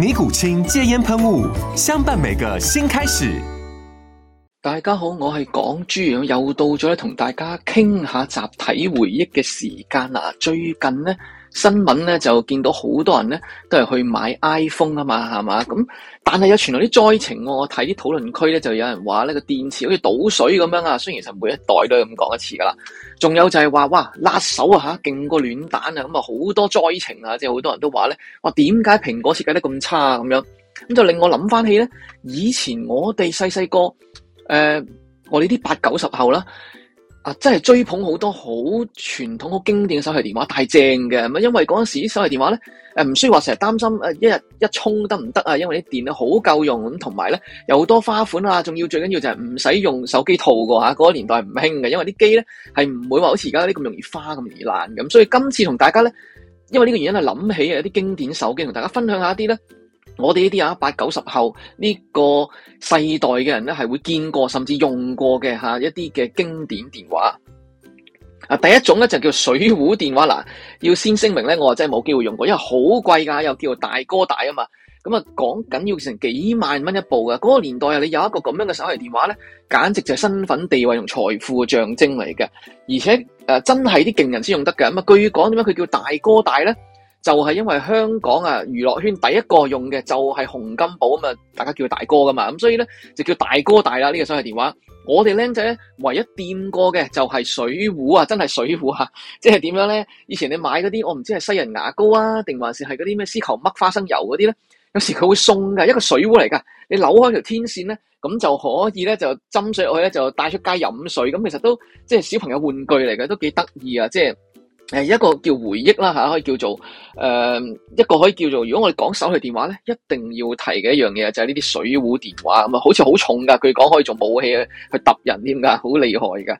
尼古清戒煙噴霧，相伴每個新開始。大家好，我係港豬，又到咗同大家傾下集體回憶嘅時間啦。最近呢？新聞咧就見到好多人咧都係去買 iPhone 啊嘛，係嘛？咁但係有傳來啲災情喎，我睇啲討論區咧就有人話呢個電池好似倒水咁樣啊。雖然係每一代都係咁講一次噶啦，仲有就係話哇，辣手啊嚇，勁過暖蛋啊，咁啊好多災情啊，即係好多人都話咧哇，點解蘋果設計得咁差啊咁樣？咁就令我諗翻起咧，以前我哋細細個誒，我哋啲八九十後啦。啊，真係追捧好多好傳統、好經典嘅手提電話，大正嘅，咁啊，因為嗰陣時手提電話咧，唔需要話成日擔心一日一充得唔得啊，因為啲電啊好夠用，咁同埋咧有好多花款啊，仲要最緊要就係唔使用手機套嘅嚇，嗰、嗰個年代唔興嘅，因為啲機咧係唔會話好似而家啲咁容易花、咁易爛咁，所以今次同大家咧，因為呢個原因啊，諗起啊一啲經典手機，同大家分享一下一啲咧。我哋呢啲啊八九十後呢，呢個世代嘅人咧，係會見過甚至用過嘅吓，啊、一啲嘅經典電話啊！第一種咧就叫水壺電話嗱，要先聲明咧，我真係冇機會用過，因為好貴噶，又叫大哥大啊嘛。咁，嗯，啊，講緊要成幾萬蚊一部噶，嗰，嗰個年代啊，你有一個咁樣嘅手提電話咧，簡直就係身份地位同財富嘅象徵嚟嘅。而且誒，呃，真係啲勁人先用得㗎。咁啊，據講點解佢叫大哥大咧？就係、是、因為香港啊娛樂圈第一個用嘅就係洪金寶啊嘛，大家叫佢大哥噶嘛，咁所以咧就叫大哥大啦呢、這個所謂電話。我哋僆仔咧唯一掂過嘅就係水壺啊，真係水壺啊！即係點樣咧？以前你買嗰啲我唔知係西人牙膏啊，定還是係嗰啲咩獅球嘜花生油嗰啲咧？有時佢會送㗎一個水壺嚟噶，你扭開條天線咧，咁就可以咧就斟水落去咧就帶出街飲水，咁、嗯、其實都即係小朋友玩具嚟嘅，都幾得意啊！即係。誒一個叫回憶啦吓，可以叫做誒、呃、一個可以叫做，如果我哋講手提電話咧，一定要提嘅一樣嘢就係呢啲水壺電話咁啊，好似好重噶，佢講可以做武器去揼人添噶，好厲害噶。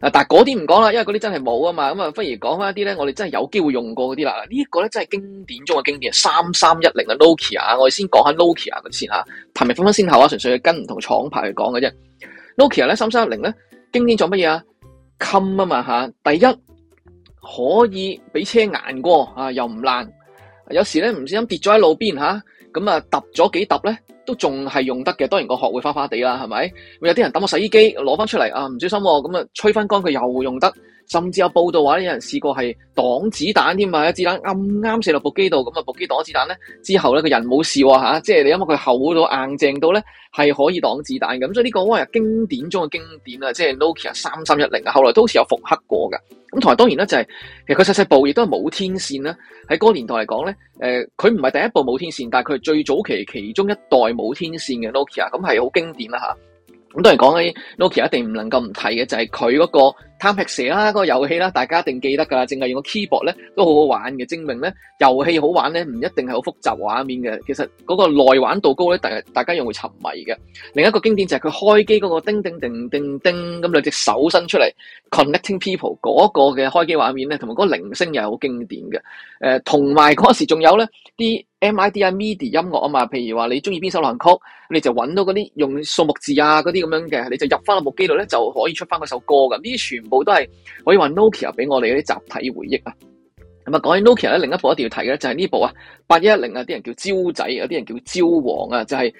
啊，但係嗰啲唔講啦，因為嗰啲真係冇啊嘛，咁啊，不如講翻一啲咧，我哋真係有機會用過嗰啲啦。呢、這、一個咧真係經典中嘅經典，三三一零啊，Nokia 啊，我哋先講下 Nokia 先吓。排名分分先後啊，純粹跟唔同廠牌去講嘅啫。Nokia 咧，三三一零咧，經典做乜嘢啊？襟啊嘛吓，第一。可以俾車硬過啊，又唔爛。有時咧唔小心跌咗喺路邊吓，咁啊揼咗幾揼咧。都仲係用得嘅，當然個殼會花花地啦，係咪？有啲人抌個洗衣機攞翻出嚟啊，唔小心咁啊，吹翻乾佢又用得，甚至有報道話有人試過係擋子彈添嘛，一子彈啱啱射落部機度，咁啊部機擋子彈咧，之後咧個人冇事吓，啊啊，即係你因為佢厚到硬淨到咧，係可以擋子彈咁，嗯。所以呢，這個哇，啊，經典中嘅經典啊！即係 Nokia 三三一零啊，後來都好似有復刻過噶。咁、嗯、同埋當然咧，就係、是，其實佢細細部亦都係冇天線啦。喺嗰個年代嚟講咧，誒、呃，佢唔係第一部冇天線，但係佢係最早期其中一代。冇天線嘅 Nokia，咁係好經典啦吓，咁都係講起 Nokia 一定唔能夠唔提嘅，就係佢嗰個。貪食蛇啦，嗰、那個遊戲啦，大家一定記得㗎啦。淨係用個 keyboard 咧，都好好玩嘅。證明咧遊戲好玩咧，唔一定係好複雜畫面嘅。其實嗰個耐玩度高咧，大大家用會沉迷嘅。另一個經典就係佢開機嗰個叮叮叮叮叮咁兩隻手伸出嚟 connecting people 嗰個嘅開機畫面咧，同埋嗰個鈴聲又好經典嘅。誒、呃，同埋嗰時仲有咧啲 midi、midi 音樂啊嘛，譬如話你中意邊首樂曲，你就揾到嗰啲用數目字啊嗰啲咁樣嘅，你就入翻嗰部機度咧就可以出翻嗰首歌㗎。呢啲全部都係可以話 Nokia 俾我哋啲集體回憶啊。咁啊，講起 Nokia 咧，另一部一定要提嘅就係呢部啊，八一一零啊，啲人叫蕉仔，有啲人叫蕉王啊，就係、是、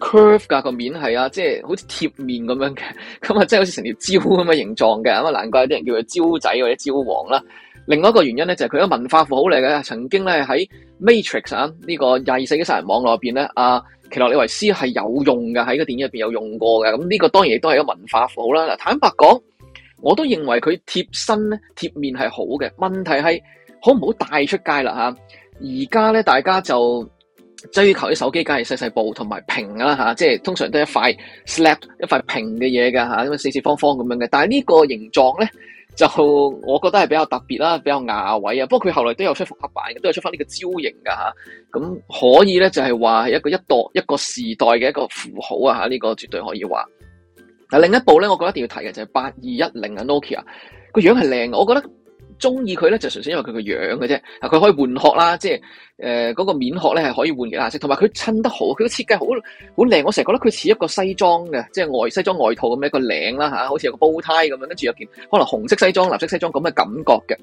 Curve 噶個面係啊，即、就、係、是、好似貼面咁樣嘅，咁啊，即係好似成條蕉咁嘅形狀嘅，咁啊，難怪有啲人叫佢蕉仔或者蕉王啦。另外一個原因咧就係佢一個文化符號嚟嘅，曾經咧喺 Matrix 啊呢個廿二世紀殺人網絡入邊咧，阿奇洛李維斯係有用噶喺個電影入邊有用過嘅，咁、這、呢個當然亦都係一個文化符號啦。嗱，坦白講。我都認為佢貼身咧，貼面係好嘅，問題係好唔好帶出街啦嚇。而家咧大家就追求啲手機，梗係細細部同埋平啦嚇、啊，即係通常都係一塊 slap 一塊平嘅嘢噶嚇，咁、啊、四四方方咁樣嘅。但係呢個形狀咧，就我覺得係比較特別啦，比較雅位啊。不過佢後來都有出復刻版嘅，都有出翻呢個蕉型噶嚇。咁、啊、可以咧就係話一個一代一個時代嘅一個符號啊呢、呢個絕對可以話。嗱，另一部咧，我覺得一定要提嘅就係八二一零啊，Nokia 個樣係靚，我覺得中意佢咧就純粹因為佢個樣嘅啫。佢可以換殼啦，即係誒嗰個面殼咧係可以換嘅顏色，同埋佢襯得好，佢個設計好好靚，我成日覺得佢似一個西裝嘅，即係外西裝外套咁一,一個領啦嚇，好似個波呔咁樣，跟住有件可能紅色西裝、藍色西裝咁嘅感覺嘅。誒、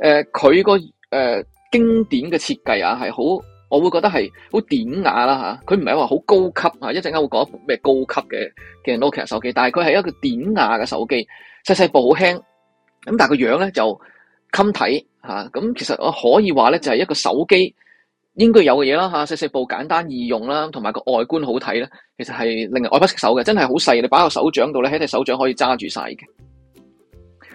呃，佢個誒經典嘅設計啊，係好。我會覺得係好典雅啦吓，佢唔係話好高級啊，一陣間會講咩高級嘅嘅 Nokia 手機，但係佢係一個典雅嘅手機，細細部好輕，咁但係個樣咧就襟睇吓，咁其實我可以話咧就係一個手機應該有嘅嘢啦吓，細細部簡單易用啦，同埋個外觀好睇咧，其實係令人愛不釋手嘅，真係好細，你擺喺個手掌度咧，喺隻手掌可以揸住晒嘅。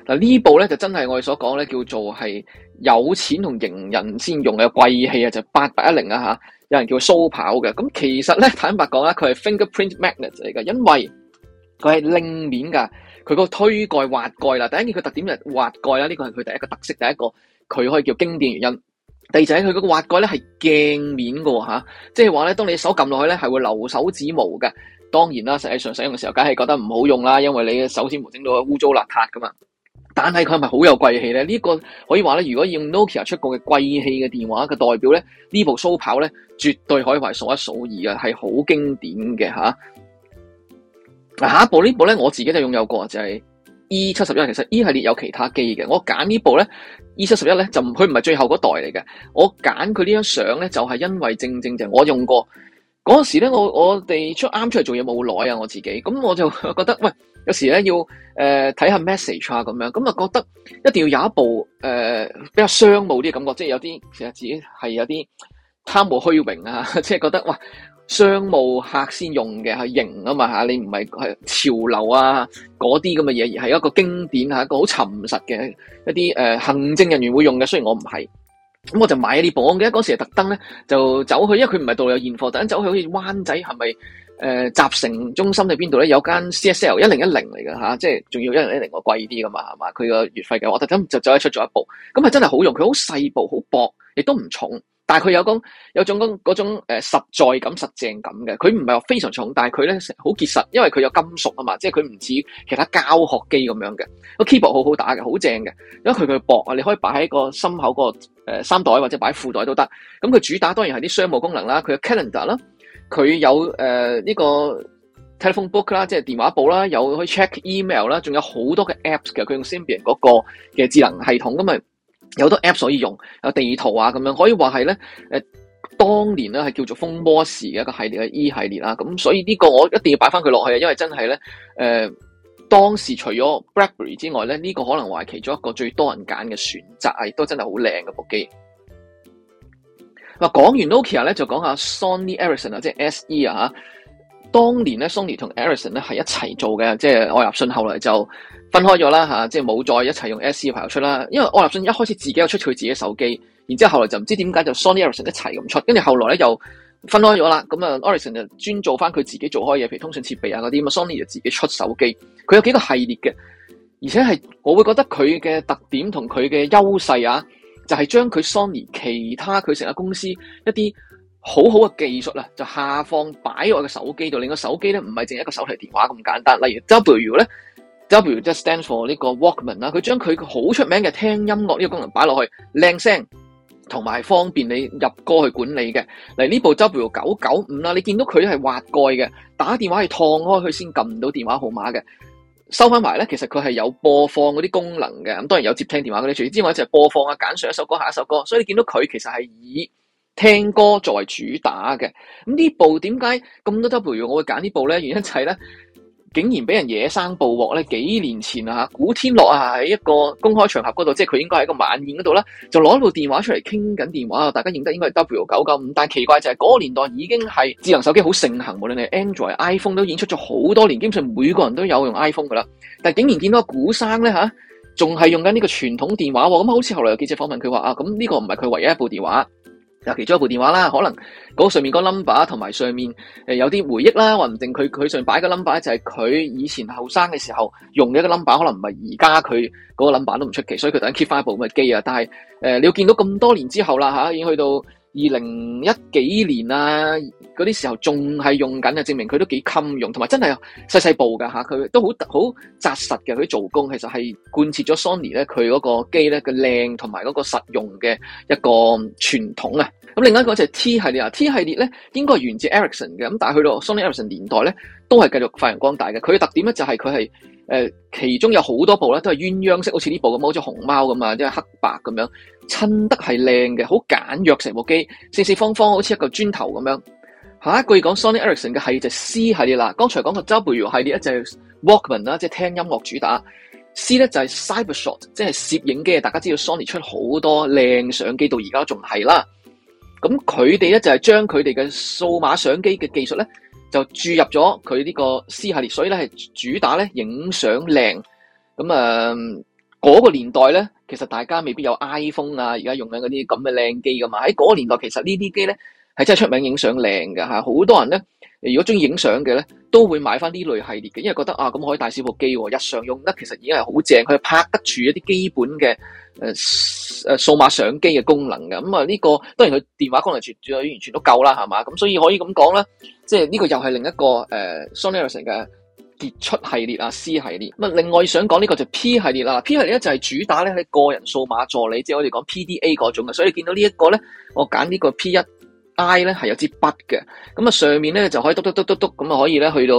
嗱呢部咧就真係我哋所講咧叫做係有錢同型人先用嘅貴器啊，就八八一零啊嚇，有人叫蘇跑嘅。咁、啊、其實咧坦白講咧，佢係 fingerprint magnet 嚟嘅，因為佢係令面㗎，佢個推蓋滑蓋啦。第一件佢特點係滑蓋啦，呢、這個係佢第一個特色，第一個佢可以叫經典原因。第二就係佢個個滑蓋咧係鏡面嘅嚇、啊，即係話咧當你手撳落去咧係會留手指毛嘅。當然啦，實際上使用嘅時候梗係覺得唔好用啦，因為你手指毛整到污糟邋遢㗎嘛。但係佢係咪好有貴氣咧？呢、這個可以話咧，如果用 Nokia 出過嘅貴氣嘅電話嘅代表咧，部呢部蘇跑咧絕對可以排數一數二嘅，係好經典嘅吓。嗱、啊、下一部，部呢部咧，我自己就擁有過就係 E 七十一，其實 E 系列有其他機嘅，我揀呢部咧 E 七十一咧就佢唔係最後嗰代嚟嘅，我揀佢呢張相咧就係、是、因為正正就係我用過。嗰時咧，我我哋出啱出嚟做嘢冇耐啊，我自己咁我就覺得，喂，有時咧要誒睇下 message 啊，咁、呃、樣咁啊，覺得一定要有一部誒、呃、比較商務啲嘅感覺，即係有啲其實自己係有啲貪慕虛榮啊，即係覺得哇，商務客先用嘅係型啊嘛嚇，你唔係係潮流啊嗰啲咁嘅嘢，而係一個經典，係一個好沉實嘅一啲誒、呃、行政人員會用嘅，雖然我唔係。咁我就買呢啲榜嘅，嗰時係特登咧就走去，因為佢唔係度有現貨，特登走去好似灣仔係咪誒集成中心定邊度咧？有間 C S L 一零一零嚟嘅吓，即係仲要1010貴一零一零個貴啲噶嘛，係嘛？佢個月費嘅我特登就走咗出咗一部，咁係真係好用，佢好細部，好薄，亦都唔重。但佢有種有種嗰種誒實在感、實正感嘅，佢唔係話非常重，但係佢咧好結實，因為佢有金屬啊嘛，即係佢唔似其他膠殼機咁樣嘅。個 keyboard 好好打嘅，好正嘅，因為佢嘅薄啊，你可以擺喺個心口個誒衫袋或者擺褲袋都得。咁、嗯、佢主打當然係啲商務功能啦，佢有 calendar 啦，佢有誒呢個 telephone book 啦，即係電話簿啦，有可以 check email 啦，仲有好多嘅 apps 嘅，佢用 Symbian 嗰個嘅智能系統咁咪。有好多 app 可以用，有地圖啊咁樣，可以話係咧，誒、呃，當年咧係叫做風波時嘅一個系列嘅 E 系列啦，咁所以呢個我一定要擺翻佢落去啊，因為真係咧，誒、呃，當時除咗 BlackBerry 之外咧，呢、這個可能係其中一個最多人揀嘅選擇啊，亦都真係好靚嘅部機。嗱，講完 Nokia 咧，就講下 Sony Ericsson 啊，即係 SE 啊嚇。當年咧，Sony 同 Ericsson 咧係一齊做嘅，即係愛立信，後來就。分開咗啦吓，即係冇再一齊用 S C 嘅朋友出啦。因為愛立信一開始自己有出佢自己手機，然之後後來就唔知點解就 Sony Ericsson 一齊咁出，跟住後，後來咧又分開咗啦。咁啊，Ericsson 就專做翻佢自己做開嘢，譬如通訊設備啊嗰啲嘛，Sony 就自己出手機，佢有幾個系列嘅，而且係我會覺得佢嘅特點同佢嘅優勢啊，就係將佢 Sony 其他佢成個公司一啲好好嘅技術啊，就下放擺我嘅手機度，令個手機咧唔係淨係一個手提電話咁簡單。例如 W 咧。W just stand for 呢個 Walkman 啦，佢將佢好出名嘅聽音樂呢個功能擺落去，靚聲同埋方便你入歌去管理嘅。嚟呢部 W 九九五啦，你見到佢係滑蓋嘅，打電話係燙開佢先撳到電話號碼嘅。收翻埋咧，其實佢係有播放嗰啲功能嘅，咁當然有接聽電話嗰啲。除此之外就係播放啊，揀上一首歌下一首歌。所以你見到佢其實係以聽歌作為主打嘅。咁呢部點解咁多 W 我會揀呢部咧？原因就係、是、咧。竟然俾人野生捕獲咧！幾年前啊，古天樂啊喺一個公開場合嗰度，即係佢應該喺一個晚宴嗰度啦，就攞部電話出嚟傾緊電話。大家認得應該係 W995，但奇怪就係嗰年代已經係智能手機好盛行，無論你 Android、iPhone 都演出咗好多年，基本上每個人都有用 iPhone 噶啦。但竟然見到古生咧，吓，仲係用緊呢個傳統電話喎。咁好似後來有記者訪問佢話啊，咁呢個唔係佢唯一一部電話。嗱，其中一部電話啦，可能嗰上面嗰 number 同埋上面誒有啲回憶啦，話唔定佢佢上面擺個 number 就係佢以前後生嘅時候用嘅一個 number，可能唔係而家佢嗰個 number 都唔出奇，所以佢突然 keep 翻一部咁嘅機啊，但係誒、呃，你要見到咁多年之後啦嚇，已經去到。二零一幾年啊，嗰啲時候仲係用緊啊，證明佢都幾襟用，同埋真係細細部噶吓佢都好好紮實嘅，佢啲做工其實係貫徹咗 Sony 咧佢嗰個機咧嘅靚同埋嗰個實用嘅一個傳統啊。咁另外一個就係 T 系列啊，T 系列咧應該係源自 Ericsson 嘅，咁但係去到 Sony Ericsson 年代咧。都係繼續發揚光大嘅，佢嘅特點咧就係佢係誒，其中有好多部咧都係鴛鴦式，好似呢部咁好似熊貓咁啊，即係黑白咁樣，襯得係靚嘅，好簡約成部機，四四方方，好似一個磚頭咁樣。下一句講 Sony Ericsson 嘅係就 C 系列啦，剛才講到 W 系列一隻 Walkman 啦，即係聽音樂主打。C 咧就係 CyberShot，即係攝影機，大家知道 Sony 出好多靚相機，到而家仲係啦。咁佢哋咧就係將佢哋嘅數碼相機嘅技術咧。就注入咗佢呢個 C 系列，所以咧係主打咧，影相靚咁啊嗰個年代咧，其實大家未必有 iPhone 啊，而家用緊嗰啲咁嘅靚機噶嘛，喺嗰個年代其實呢啲機咧。係真係出名影相靚嘅吓，好很多人咧，如果中意影相嘅咧，都會買翻呢類系列嘅，因為覺得啊，咁可以帶小部機、哦，日常用咧其實已經係好正，佢拍得住一啲基本嘅誒誒數碼相機嘅功能嘅。咁、嗯、啊，呢、這個當然佢電話功能全，完全，全都夠啦，係嘛。咁所以可以咁講啦，即係呢、這個又係另一個誒、呃、Sony Ericsson 嘅傑出系列啊，C 系列。咁、嗯、啊，另外想講呢個就是 P 系列啦、啊、P 系列咧就係、是、主打咧喺個人數碼助理，即、就、係、是、我哋講 PDA 嗰種嘅。所以見到這呢一個咧，我揀呢個 P1。I 咧係有支筆嘅，咁、嗯、啊，上面咧就可以嘟嘟嘟嘟嘟，咁啊可以咧去到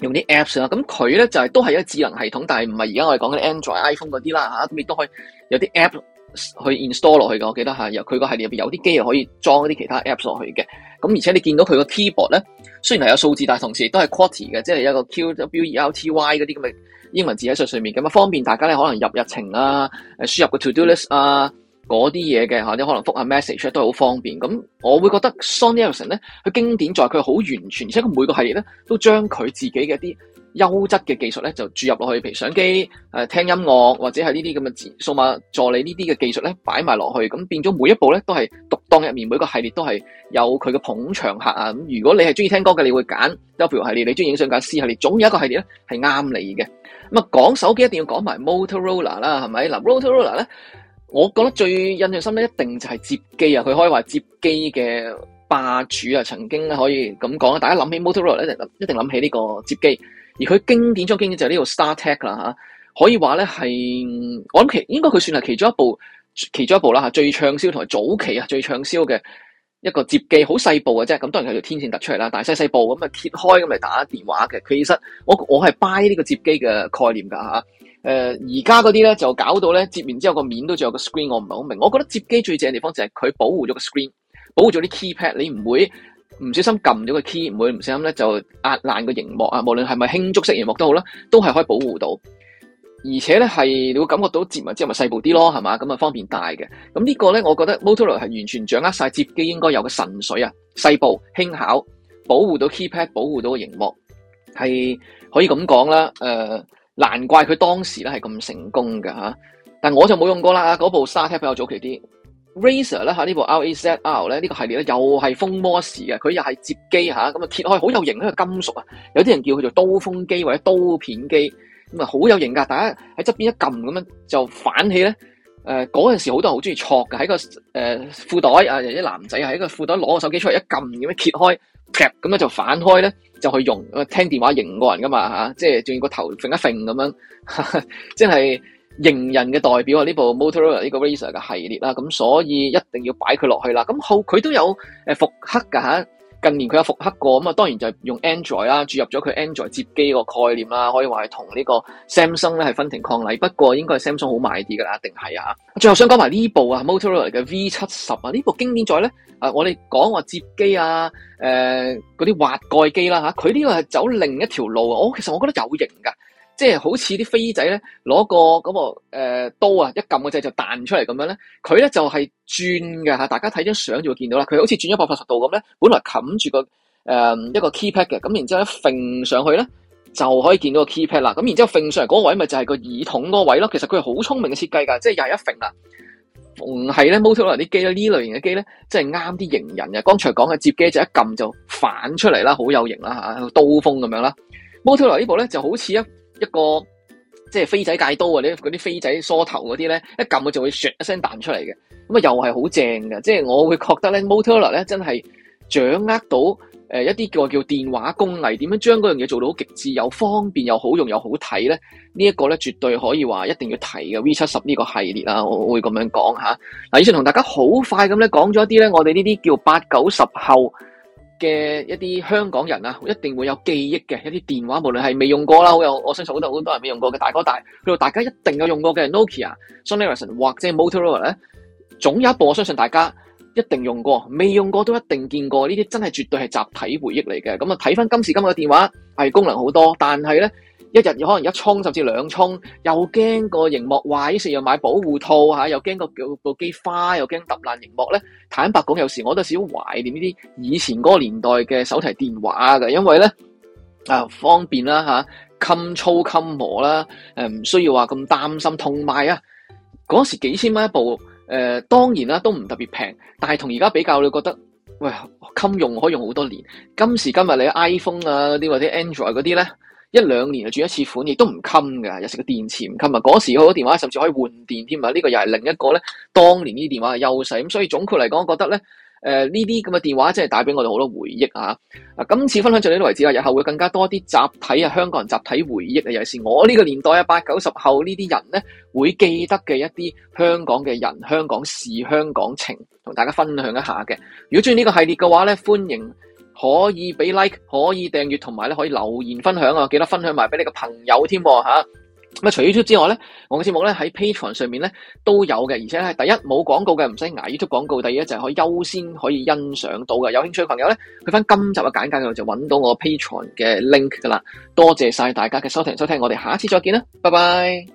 用啲 apps 啦，咁佢咧就係、是、都係一個智能系統，但係唔係而家我哋講啲 Android iPhone、iPhone 嗰啲啦，咁亦都可以有啲 app 去 install 落去嘅，我記得吓，佢、啊、個系列入邊有啲機又可以裝一啲其他 apps 落去嘅，咁、嗯、而且你見到佢個 keyboard 咧，雖然係有數字，但係同時都係 qwerty 嘅，即係有個 q、w、e、r、t、y 嗰啲咁嘅英文字喺上上面，咁啊方便大家咧可能入日程啊，輸入個 to do list 啊。嗰啲嘢嘅嚇，啲可能復下 message 都係好方便。咁我會覺得 Sony Ericsson 咧，佢經典在佢好完全，而且佢每個系列咧都將佢自己嘅一啲優質嘅技術咧就注入落去，譬如相機、誒聽音樂或者係呢啲咁嘅數碼助理呢啲嘅技術咧擺埋落去，咁變咗每一部咧都係獨當入面，每個系列都係有佢嘅捧場客啊！咁如果你係中意聽歌嘅，你會揀 W 系列；你中意影相，揀 C 系列。總有一個系列咧係啱你嘅。咁啊，講手機一定要講埋 Motorola 啦，係咪？嗱，Motorola 咧。我覺得最印象深刻一定就係摺機啊！佢可以話摺機嘅霸主啊，曾經可以咁講啊！大家諗起 Motorola 一定一定諗起呢個摺機，而佢經典中經典就係呢個 StarTech 啦嚇，可以話咧係我諗其應該佢算係其中一部其中一部啦嚇，最暢銷同埋早期啊最暢銷嘅一個摺機，好細部嘅啫。咁當然係條天線突出嚟啦，但係細細部咁啊揭開咁嚟打電話嘅。佢其實我我係 buy 呢個摺機嘅概念㗎嚇。誒、呃，而家嗰啲咧就搞到咧，摺完之後個面都仲有個 screen，我唔係好明。我覺得摺機最正嘅地方就係佢保護咗個 screen，保護咗啲 keypad，你唔會唔小心撳咗個 key，唔會唔小心咧就壓爛個屏幕啊。無論係咪輕觸式屏幕都好啦，都係可以保護到。而且咧係你會感覺到摺完之後咪細部啲咯，係嘛，咁啊方便大嘅。咁呢個咧，我覺得 Motorola 係完全掌握晒摺機應該有個神髓啊，細部輕巧，保護到 keypad，保護到個屏幕係可以咁講啦。誒、呃。難怪佢當時咧係咁成功㗎，吓，但我就冇用過啦，嗰部 StarTAC 比較早期啲 RAZR 咧吓，呢部 RAZR 咧呢個系列咧又係風魔時嘅，佢又係摺機吓，咁啊揭開好有型嘅金屬啊，有啲人叫佢做刀鋒機或者刀片機，咁啊好有型噶，大家喺側邊一撳咁樣就反起咧。誒嗰陣時好多人好中意錯嘅，喺個誒、呃、褲袋啊，啲男仔喺個褲袋攞個手機出嚟一撳咁樣揭開，劈，咁樣就反開咧就去用，聽電話型個人噶嘛嚇、啊，即係仲要個頭揈一揈咁樣，即、啊、係型人嘅代表啊！呢部 Motorola 呢個 Razer 嘅系列啦，咁所以一定要擺佢落去啦。咁好，佢都有誒、呃、復刻㗎。噶、啊近年佢有復刻過，咁啊當然就係用 Android 啦，注入咗佢 Android 摺機個概念啦，可以話係同呢個 Samsung 咧係分庭抗禮。不過應該 Samsung 好賣啲噶啦，一定係啊？最後想講埋呢部啊 Motorola 嘅 V 七十啊，呢部經典在咧啊，我哋講話摺機啊，誒嗰啲滑蓋機啦、啊、嚇，佢呢個係走另一條路啊，我、哦、其實我覺得有型噶。即係好似啲飛仔咧攞個咁、嗰個、呃、刀啊一撳個掣就彈出嚟咁樣咧，佢咧就係、係、轉嘅嚇。大家睇張相就會見到啦。佢好似轉百一百八十度咁咧，本來冚住個誒、呃、一個 keypad 嘅，咁然之後一揈上去咧，就可以見到個 keypad 啦。咁然之後揈上嚟嗰位咪就係個耳筒嗰位咯。其實佢係好聰明嘅設計㗎，即係廿一揈啊，唔係咧摩托羅拉啲機咧呢，機呢類型嘅機咧，即係啱啲型人嘅。剛才講嘅接機就一撳就反出嚟啦，好有型啦嚇，刀鋒咁樣啦。摩托羅拉呢部咧就好似一～一個即係飛仔戒刀啊！你嗰啲飛仔梳頭嗰啲咧，一撳佢就會唰一聲彈出嚟嘅。咁啊，又係好正嘅。即係我會覺得咧，Motorola 咧真係掌握到誒、呃、一啲我叫、叫電話工藝，點樣將嗰樣嘢做到極致，又方便，又好用，又好睇咧。這個、呢一個咧絕對可以話一定要提嘅 V 七十呢個系列啦。我會咁樣講吓。嗱，以前同大家好快咁咧講咗一啲咧，我哋呢啲叫八九十後。嘅一啲香港人啊，一定會有記憶嘅一啲電話，無論係未用過啦，我有我相信好多好多人未用過嘅大哥大，到大家一定有用過嘅 Nokia、Sony Ericsson 或者 Motorola 咧，總有一部我相信大家一定用過，未用過都一定見過呢啲，真係絕對係集體回憶嚟嘅。咁啊，睇翻今時今日嘅電話係功能好多，但係咧。一日有可能一充甚至兩充，又驚個熒幕壞，成日又買保護套吓，又驚個部機花，又驚揼爛熒幕咧。坦白講，有時我都少懷念呢啲以前嗰個年代嘅手提電話噶，因為咧啊方便啦吓，襟粗襟磨啦，誒唔需要話咁擔心。同埋啊，嗰時幾千蚊一部，誒、呃、當然啦都唔特別平，但係同而家比較，你覺得喂，襟用可以用好多年。今時今日你 iPhone 啊啲或者 Android 嗰啲咧？一兩年就轉一次款，亦都唔襟㗎。尤其是個電池唔襟啊！嗰時好多電話甚至可以換電添啊！呢、這個又係另一個咧，當年呢啲電話嘅優勢咁。所以總括嚟講，我覺得咧，誒呢啲咁嘅電話真係帶俾我哋好多回憶啊！啊，今次分享就呢啲為止啦，日後會更加多啲集體啊，香港人集體回憶啊，尤其是我呢個年代啊，八九十後呢啲人咧會記得嘅一啲香港嘅人、香港事、香港情，同大家分享一下嘅。如果中意呢個系列嘅話咧，歡迎。可以俾 like，可以訂閱，同埋咧可以留言分享啊！記得分享埋俾你嘅朋友添吓。咁啊，除 YouTube 之外咧，我嘅節目咧喺 Patreon 上面咧都有嘅，而且呢，第一冇廣告嘅，唔使挨 YouTube 廣告；第二就係、是、可以優先可以欣賞到嘅。有興趣嘅朋友咧，去翻今集嘅簡介嗰度就揾到我 Patreon 嘅 link 噶啦。多謝晒大家嘅收聽收聽，我哋下一次再見啦，拜拜。